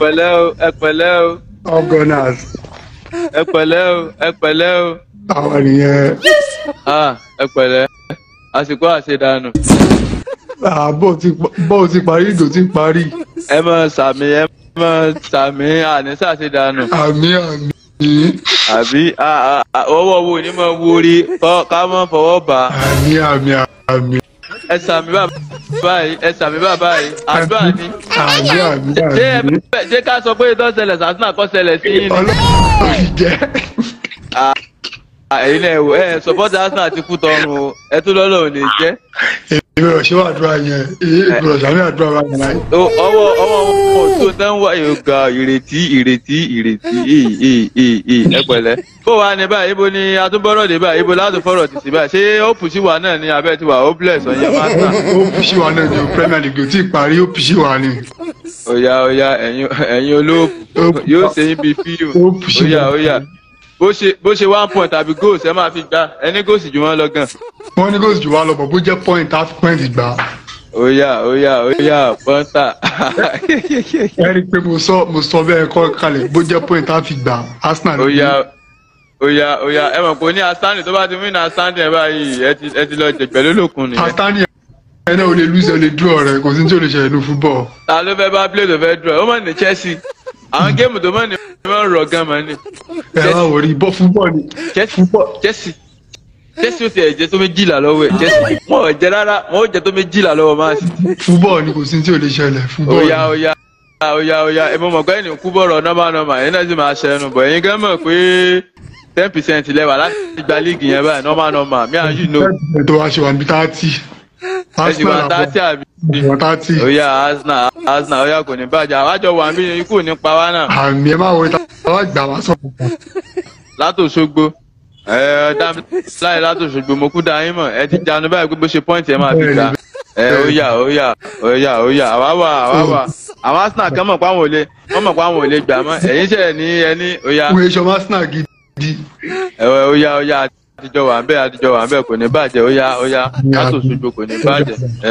pẹ̀lẹ́ o ẹ pẹ̀lẹ́ o. ọgọnas. ẹ pẹ̀lẹ́ o ẹ Ah, o. àwọn nìyẹn. ẹ pẹ̀lẹ́ àsìkò àṣedànù. bó o ti parí ìdò ti parí. ẹ máa sàmì ẹ máa sàmì àníṣà àṣedànù. àmì àmì àbí ọwọ́ wo ni mo wúri ká mọ́ fọwọ́ bá. àmì àmì àmì ẹ sàmì báyìí ẹ sàmì báyìí àdúrà ni ṣé ká sọ pé tó ṣẹlẹ̀ sàtúnà kọ́ ṣẹlẹ̀ sí yín ni. ọlọ́run jẹ́. ẹ̀yin náà ẹ̀ sọ́pọ́tà arsenal ti kú tọrùn ẹ tún lọ́lọ́run lè jẹ́ ìbẹ̀rẹ̀ ṣé wà àdúrà yẹn ìbẹ̀rẹ̀ sàmì àdúrà wà yẹn láyé. ọwọ́ ọwọ́ ọmọ tó tán wà yóò ga ìrètí ìrètí ìrètí ẹ pẹ̀lẹ́. kó wa ní báyìí ibo ni atúbọ̀rọ̀ dé báyìí ibo láti fọ̀rọ̀ tìsí báyìí ṣé ó pùsí wa náà ni abẹ́ ti wà ó bless ọ̀yẹ́ máa tà. ó pùsí wa náà ni o Premier League ò tí ì parí ó pùsí wa ni. ó yá ó yá ẹ̀yin olóòpù yóò ṣe é bí fíìmù ó yá ó yá bó ṣe bó ṣe one point àbí goals ẹ máa fi gbá ẹni goals jù wọ́n lọ gan. wọ́n ní goals jù wá lọ bọ̀ bó jẹ́ point half point gbà. oya oya oya pọ́ńtà. ẹ rí i pé mo sọ mo sọ bẹ́ẹ̀ kọ́ kalẹ̀ bó jẹ́ point half gbà Arsenal. oya oya oya ẹ mọ̀ pé ní asani tó bá ti mú ní asani ẹ báyìí ẹ ti lọ jẹ pẹ̀lú lòkun nìyẹn. asani ẹ náà ò lè lose ẹ lè dúró rẹ kò sí ní tí ò lè ṣẹlẹ̀ ní fúbọ̀. ta ló fẹ́ bá play tó fẹ́ dúró ó mọ̀ ní Chelsea àwọn géèmù tó máa ní wọn rọ gan máa ní. ẹ wá wò rí bọ́ fúbọ̀ ni. Chelsea Chelsea ó ti ẹ̀ jẹ́ tó méjìlá lọ́wọ́ ẹ̀ Chelsea wọn ò jẹ́ rárá wọn ò jẹ́ tó méjìlá lọ́wọ́ máa sì. fúbọ̀ ni kò sí tí ò lè ṣẹlẹ̀ fúbọ̀ ni. oya oya oya oya ẹ mọ̀ mọ̀ gbẹ́yìn ní kú bọ̀rọ̀ nọ́mà nọ́mà ẹ̀ náà sì máa ṣẹnu bọ̀ ẹ̀yin gan mọ̀ pé ten percent lẹ́wà láti gba líìgì yẹn báyìí nọ́mà nọ́mà me and you know. ten percent tó wá ṣe wà níbi Àti àbí. Ìwọ̀ta Oya Asna oya kò ní bàjẹ́ àwájọ wà mí naa. ní pa wá náà. Àmì ẹ máa Látòṣogbo látòṣogbo mo kú dá yín mọ̀ ẹ ti báyìí ṣe ẹ máa fi gbà. oya oya oya oya àwa wà àwa wà àwọn Asna kan mọ̀ Eyise ò lè oya. oya oya àtijọ́ wà ń bẹ̀ àtijọ́ wà ń bẹ̀ kò ní bàjẹ́ ó yá ó yá ká kò ní bàjẹ́.